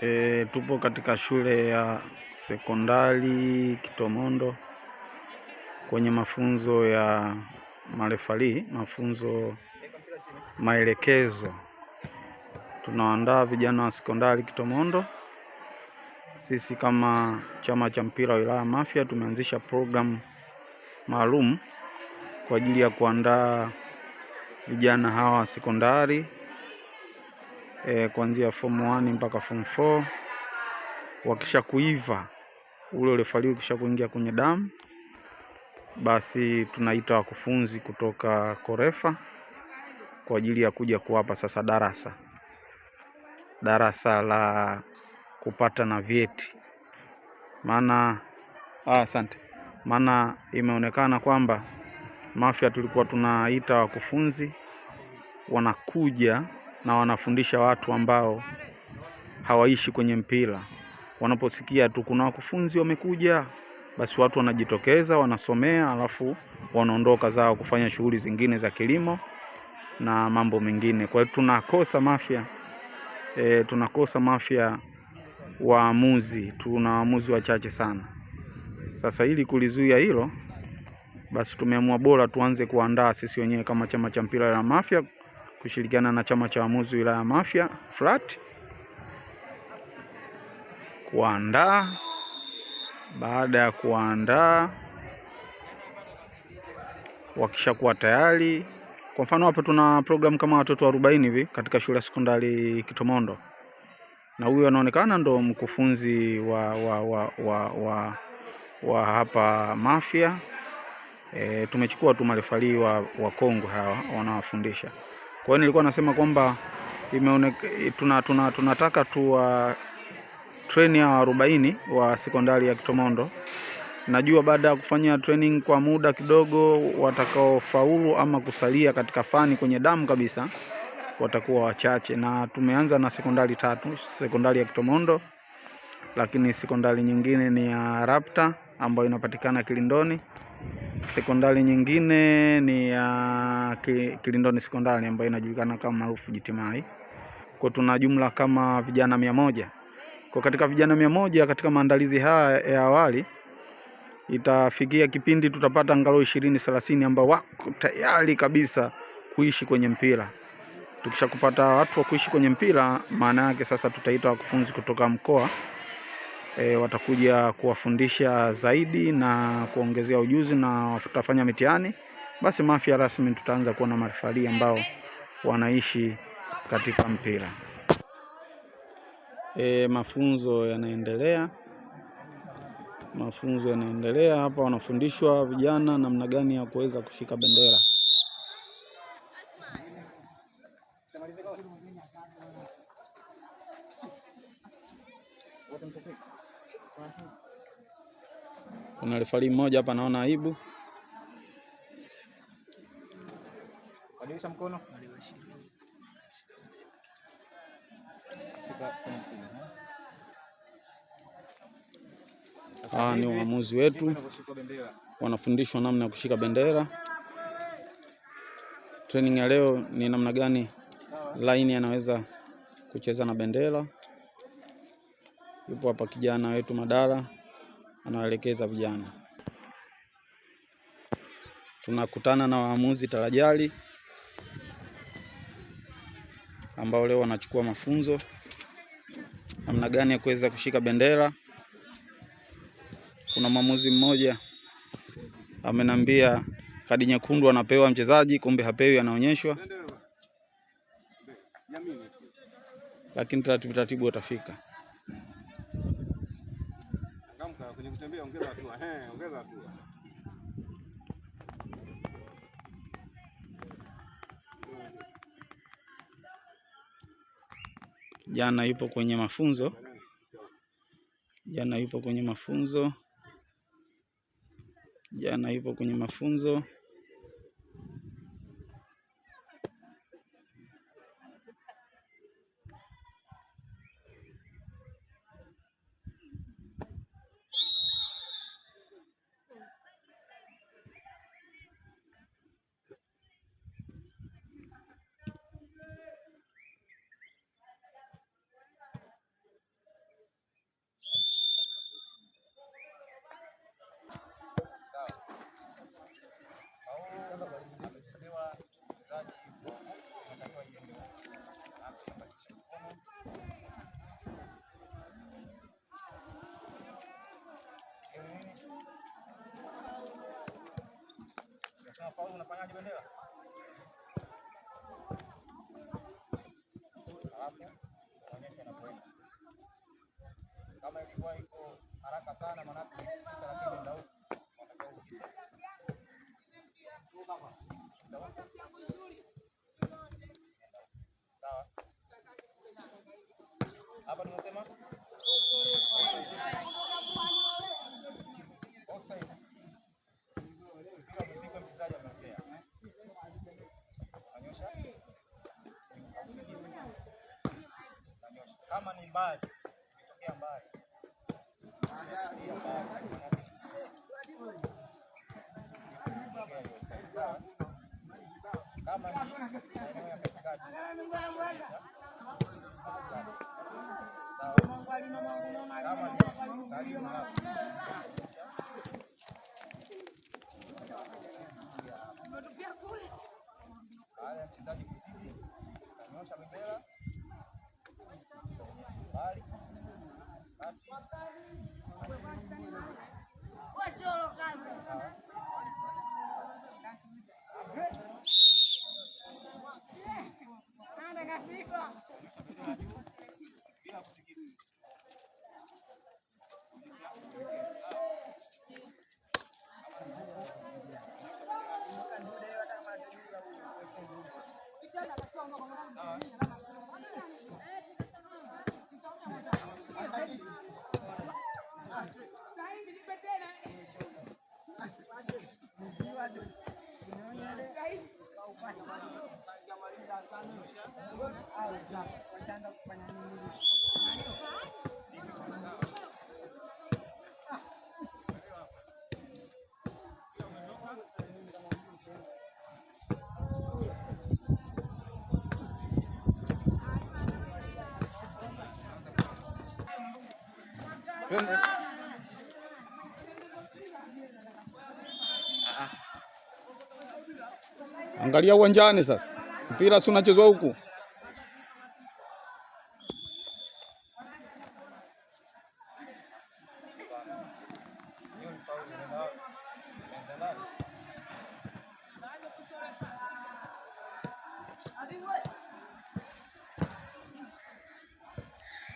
E, tupo katika shule ya sekondari Kitomondo kwenye mafunzo ya marefali, mafunzo maelekezo. Tunaandaa vijana wa sekondari Kitomondo. Sisi kama chama cha mpira wa wilaya Mafia tumeanzisha programu maalum kwa ajili ya kuandaa vijana hawa wa sekondari e, kuanzia form 1 mpaka form 4. Wakisha kuiva ule urefali ukisha kuingia kwenye damu, basi tunaita wakufunzi kutoka Korefa kwa ajili ya kuja kuwapa sasa darasa darasa la kupata na vyeti, maana ah, asante ah, maana imeonekana kwamba Mafia tulikuwa tunaita wakufunzi wanakuja na wanafundisha watu ambao hawaishi kwenye mpira. Wanaposikia tu kuna wakufunzi wamekuja, basi watu wanajitokeza wanasomea, alafu wanaondoka zao kufanya shughuli zingine za kilimo na mambo mengine. Kwa hiyo tunakosa Mafia e, tunakosa Mafia waamuzi, tuna waamuzi wachache sana. Sasa ili kulizuia hilo, basi tumeamua bora tuanze kuandaa sisi wenyewe kama chama cha mpira la Mafia kushirikiana na chama cha waamuzi wilaya ya Mafia FLAT kuandaa. Baada ya kuandaa, wakishakuwa tayari, kwa mfano hapo tuna programu kama watoto arobaini hivi katika shule ya sekondari Kitomondo, na huyu anaonekana ndo mkufunzi wa, wa, wa, wa, wa, wa hapa Mafia. E, tumechukua tu marefali wa, wa Kongo hawa wanawafundisha. Kwa hiyo nilikuwa nasema kwamba tunataka tuna, tunataka tuwa treni ya arobaini wa sekondari ya Kitomondo. Najua baada ya kufanya training kwa muda kidogo, watakaofaulu ama kusalia katika fani kwenye damu kabisa watakuwa wachache, na tumeanza na sekondari tatu, sekondari ya Kitomondo, lakini sekondari nyingine ni ya Rapta ambayo inapatikana Kilindoni. Sekondari nyingine ni ya uh, Kilindoni sekondari ambayo inajulikana kama maarufu Jitimai. Kwa tuna jumla kama vijana mia moja. Kwa katika vijana mia moja katika maandalizi haya ya awali itafikia kipindi tutapata angalau ishirini thelathini ambao wako tayari kabisa kuishi kwenye mpira. Tukishakupata watu wa kuishi kwenye mpira, maana yake sasa tutaita wakufunzi kutoka mkoa e, watakuja kuwafundisha zaidi na kuongezea ujuzi na tutafanya mitihani, basi Mafia rasmi tutaanza kuwa na marefali ambao wanaishi katika mpira. E, mafunzo yanaendelea, mafunzo yanaendelea hapa, wanafundishwa vijana namna gani ya kuweza kushika bendera. Kuna refari mmoja hapa naona aibu. Mkono aa, ni uamuzi wetu wanafundishwa namna ya kushika bendera. Training ya leo ni namna gani line anaweza kucheza na bendera. Yupo hapa kijana wetu Madara anawaelekeza vijana. Tunakutana na waamuzi tarajali ambao leo wanachukua mafunzo namna gani ya kuweza kushika bendera. Kuna mwamuzi mmoja amenambia kadi nyekundu anapewa mchezaji, kumbe hapewi, anaonyeshwa, lakini taratibu taratibu watafika. kwenye kutembea, ongeza hatua, eh, ongeza hatua. Jana yupo kwenye mafunzo, jana yupo kwenye mafunzo, jana yupo kwenye mafunzo. unafanyaje bendera? Alafu onyesha Kama ilikuwa iko haraka sana manake Haya, mchezaji kuzidi, kanyosha bendera Angalia uwanjani sasa, mpira si unachezwa huku.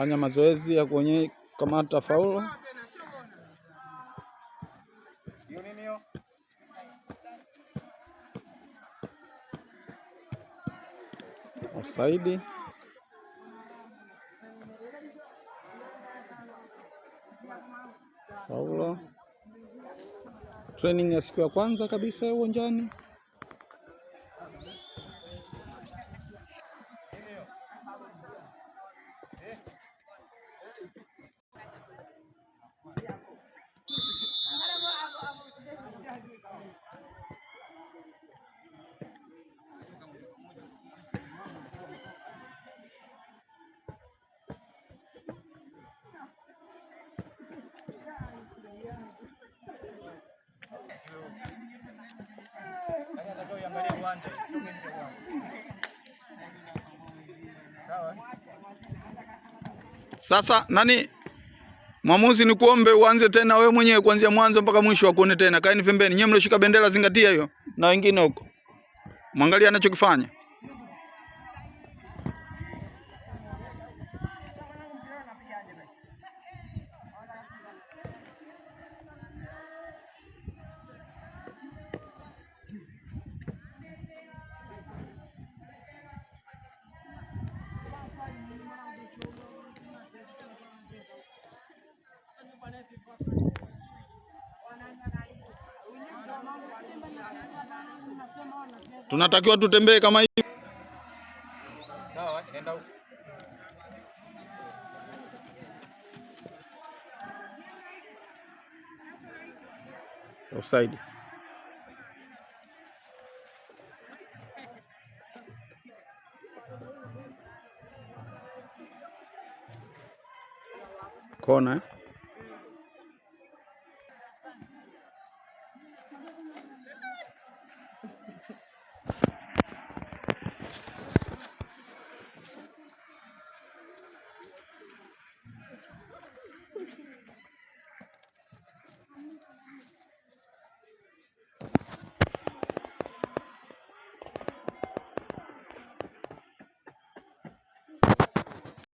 fanya mazoezi ya kuonyesha kamata tafaulu. saidi Faulu. Training ya siku ya kwanza kabisa uwanjani. Sawa. Sasa nani mwamuzi, ni kuombe uanze tena wewe mwenyewe kuanzia mwanzo mpaka mwisho, kuone tena. Kaeni pembeni, nyewe mlioshika bendera zingatia hiyo, na wengine huko mwangalia anachokifanya. tunatakiwa tutembee kama hivi. Offside. Kona.